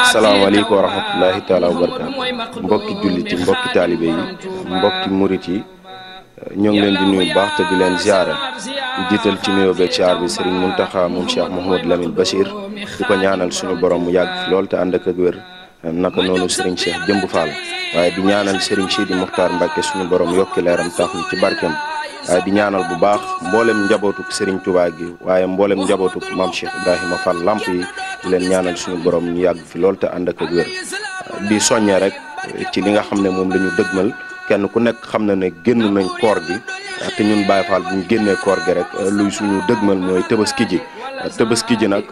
asalaamaaleykum wa rahmatullahi taala wa barakaatu mbokki jullit yi mbokki taalibe yi mbokki murit yi ñoo ngi leen di nuyu baax te di leen ziare di jiital ci nuyoo beeg ziar bi Serigne Mountakha moom Cheikh Mouhamadou Lamine Bachir di ko ñaanal suñu borom mu yàgg fi lool te ànd ak ak wér naka noonu Serigne Cheikh Jëmb Fall waaye di ñaanal Serigne Sidi Muxtaar Mbacke suñu borom yokki leeram tax ñu ci barkeem waaye di ñaanal bu baax mboolem njabootuk Serigne Touba gi waaye mboolem njabootuk maam Cheikh Ibrahima Fall Lamp yi di leen ñaanal suñu borom ñu yàgg fi lool te ànd ak wér di soññe rek ci li nga xam ne moom lañu ñu dëgmal kenn ku nekk xam na ne génn nañ koor gi te ñun Baye Fall bu ñu génnee koor gi rek luy suñu dëgmal mooy tëbaski ji tëbaski ji nag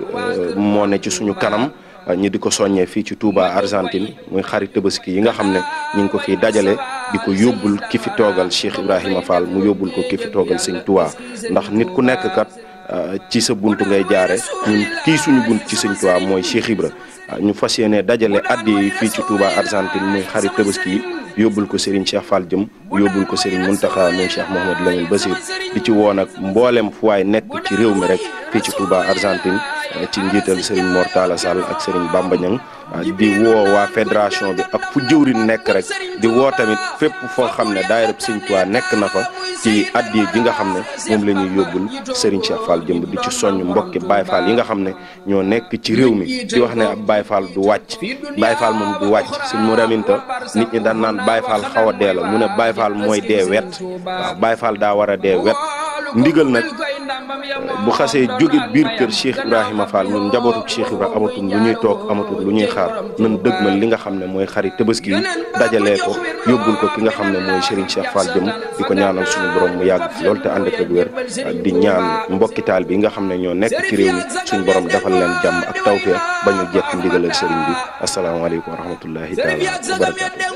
moo ne ci suñu kanam. ñi di ko soññee fii ci Touba Argentine muy xarit tabaski yi nga xam ne ñu ngi ko fi dajale di ko yóbbul ki fi toogal Cheikh Ibrahima Fall mu yóbbul ko ki fi toogal sëñ Touba ndax nit ku nekk kat euh, ci sa bunt ngay jaare ñun kii bunt ci sëñ Touba mooy Cheikh Ibra euh, ñu fas yéene dajale addi yi fii ci Touba Argentine muy xarit tabaski yi yóbbul ko Serigne Cheikh Fall jëm yóbbul ko Serigne Mountakha moom Cheikh Mouhamadou Lamine Basir di ci woon ak mboolem fu waay nekk ci réew mi rek fii ci Touba Argentine ci njiital Serigne Mor Talla Sall ak Serigne Bamba Niang ah, di woo waa fédération bi ak fu jëwriñ nekk rek di woo tamit fépp foo xam ne daayira Serigne Touba nekk na fa ci addiya ji nga xam ne moom la yóbbul Serigne Cheikh Fall jëmb di ci soññ mbokki Baye Fall yi nga xam ne ñoo nekk ci réew mi di wax ne ak Baye Fall du wàcc Baye Fall moom du wàcc suñ mu raminta nit ñi daan naan Baye Fall xaw a dee la mu ne Baye Fall mooy dee wet waaw Baye Fall daa war a dee wet ndigal nag bu xasee jóge biir kër Cheikh Ibrahima Fall ñun njabootu Cheikh Ibra amatul lu ñuy toog amatul lu ñuy xaar nan dëgmal li nga xam ne mooy xari tabaski gi dajalee ko yóbbul ko ki nga xam ne mooy Serigne Cheikh Fall jëm di ko ñaanal suñu borom mu yàgg fi loolu te ànd ak wér di ñaan mbokkitaal bi nga xam ne ñoo nekk ci réew mi suñu borom defal leen jàmm ak taw tawfeex ba ñu jekk ndigalal Serigne bi asalaamaaleykum wa rahmatullahi taala wa barakatu